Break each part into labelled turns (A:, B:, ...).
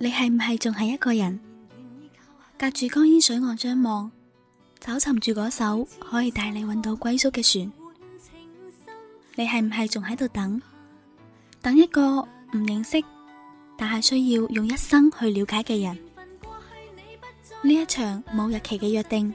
A: 你係唔係仲係一個人？隔住江煙水岸張望，找尋住嗰艘可以帶你搵到歸宿嘅船。你係唔係仲喺度等？等一個唔認識，但係需要用一生去了解嘅人？呢一場冇日期嘅約定。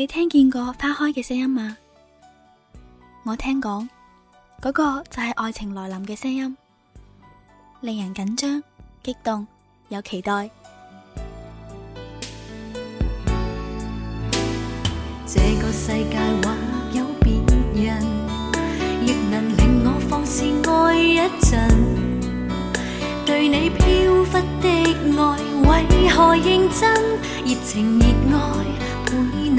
A: 你聽見過花開嘅聲音嗎？我聽講，嗰、那個就係愛情來臨嘅聲音，令人緊張、激動、有期待。這個世界或有別人，
B: 亦能令我放肆愛一陣。對你飄忽的愛，為何認真？熱情熱愛。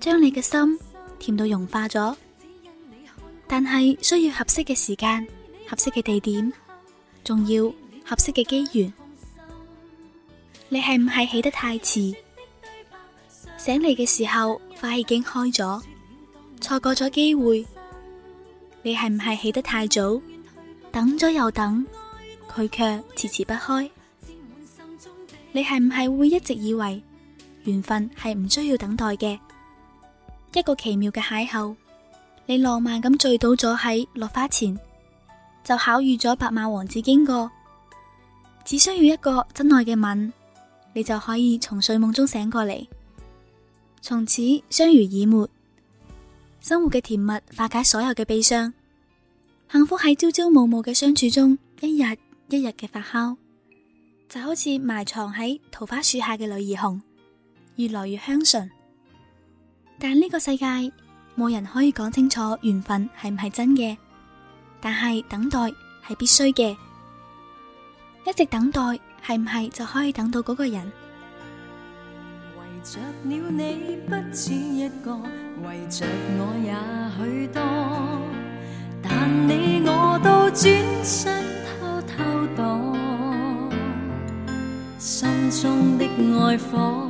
A: 將你嘅心甜到融化咗，但係需要合適嘅時間、合適嘅地點，仲要合適嘅機緣。你係唔係起得太遲？醒嚟嘅時候，花已經開咗，錯過咗機會。你係唔係起得太早？等咗又等，佢卻遲遲不開。你係唔係會一直以為緣分係唔需要等待嘅？一個奇妙嘅邂逅，你浪漫咁醉倒咗喺落花前，就巧遇咗白馬王子經過。只需要一個真愛嘅吻，你就可以從睡夢中醒過嚟，從此相濡以沫，生活嘅甜蜜化解所有嘅悲傷。幸福喺朝朝暮暮嘅相處中，一日一日嘅發酵，就好似埋藏喺桃花樹下嘅女兒紅，越來越香醇。但呢個世界，冇人可以講清楚緣分係唔係真嘅，但係等待係必須嘅，一直等待係唔係就可以等到嗰個人？
C: 為
D: 着了你不只一個，為着我也許多，但你我都轉身偷偷躲，心中的愛火。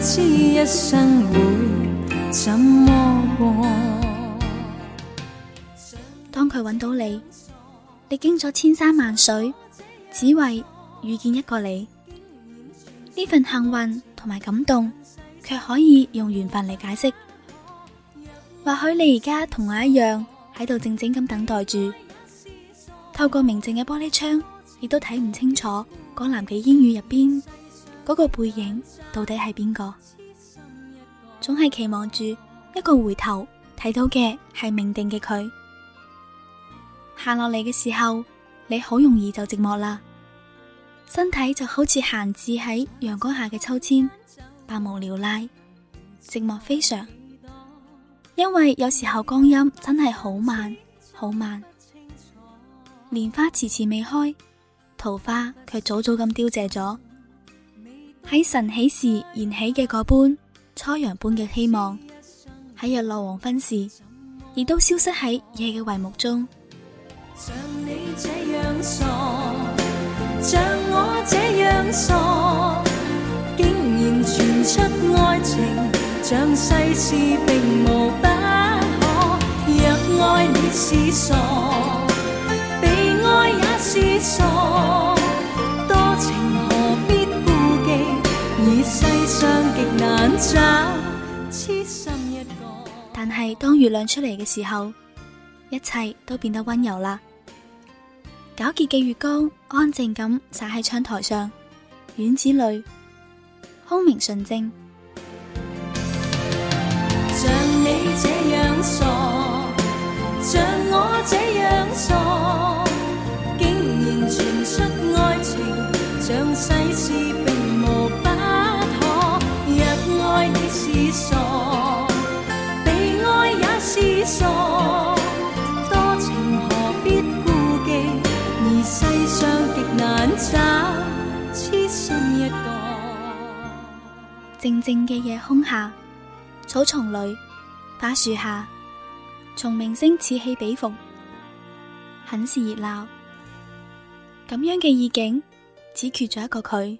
D: 知一生會怎麼過，
A: 當佢揾到你，歷經咗千山萬水，只為遇見一個你。呢份幸運同埋感動，卻可以用緣分嚟解釋。或許你而家同我一樣，喺度靜靜咁等待住，透過明淨嘅玻璃窗，亦都睇唔清楚江南嘅煙雨入邊。嗰個背影到底係邊個？總係期望住一個回頭睇到嘅係命定嘅佢。行落嚟嘅時候，你好容易就寂寞啦。身體就好似閒置喺陽光下嘅秋千，百無聊賴，寂寞非常。因為有時候光陰真係好慢，好慢。蓮花遲遲未開，桃花卻早早咁凋謝咗。喺晨起時燃起嘅嗰般初陽般嘅希望，喺日落黃昏時，亦都消失喺
D: 夜嘅帷幕中。像你這樣傻，像我這樣傻，竟然傳出愛情，像世事並無不可。若愛你是傻，被愛也是傻。
A: 但係當月亮出嚟嘅時候，一切都變得温柔啦。皎潔嘅月光安靜咁灑喺窗台上，院子裏，空明純淨。
D: 像你這樣傻靜嘅夜空
A: 下，草叢裏、花樹下，蟲鳴聲此起彼伏，很是熱鬧。咁樣嘅意境，只缺咗一個佢。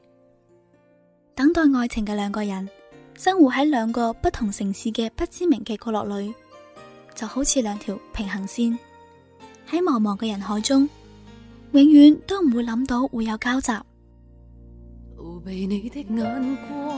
A: 等待愛情嘅兩個人，生活喺兩個不同城市嘅不知名嘅角落裏，就好似兩條平行線，喺茫茫嘅人海中，永遠都唔會諗到會有交
C: 集。逃避你的眼光。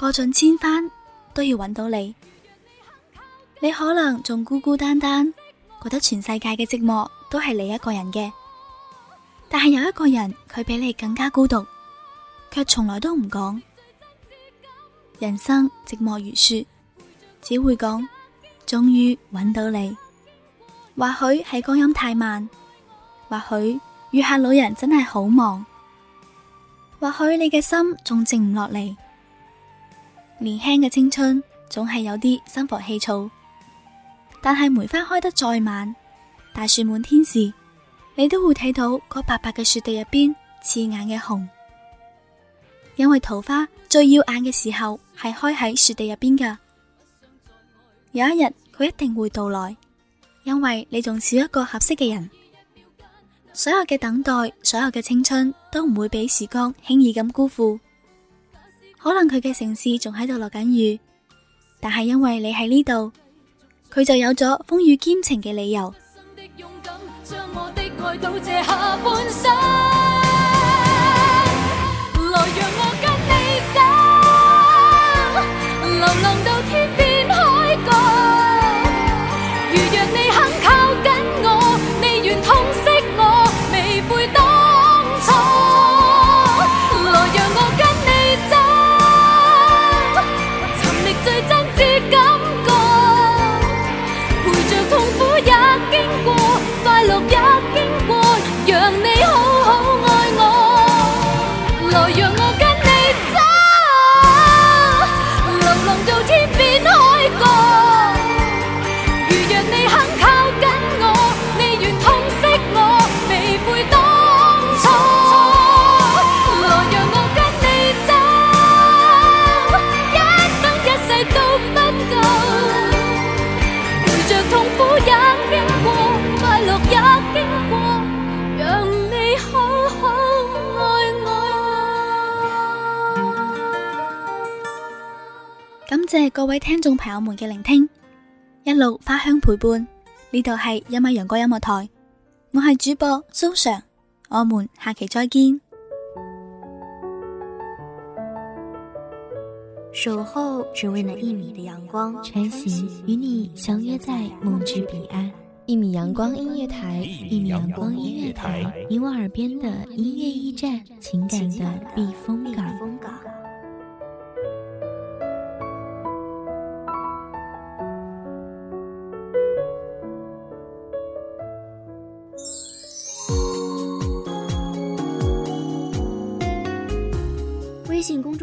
A: 過盡千帆都要揾到你，你可能仲孤孤單單，覺得全世界嘅寂寞都係你一個人嘅。但係有一個人，佢比你更加孤獨，卻從來都唔講。人生寂寞如雪，只會講終於揾到你。或許係光陰太慢，或許月下老人真係好忙，或許你嘅心仲靜唔落嚟。年輕嘅青春總係有啲心浮氣躁，
C: 但
A: 係梅花開得再晚，大雪滿天時，你都會睇到嗰白白嘅雪地入邊刺眼嘅紅，因為桃花最耀眼嘅時候係開喺雪地入邊嘅。有一日佢一定會到來，因為你仲少一個合適嘅人。所有嘅等待，所有嘅青春，都唔會俾時光輕易咁辜負。可能佢嘅城市仲喺度落緊雨，但係因為你喺呢度，佢就有咗風雨兼程嘅理由。 各位聽眾朋友們嘅聆聽，一路花香陪伴，呢度係一米陽光音樂台，我係主播蘇常，我們下期再見。守候只為那一米的陽光，穿行與你相約在夢之彼岸。一米陽光音樂台，一米陽光音樂台，你我耳邊的音樂驛站，情感的避風港。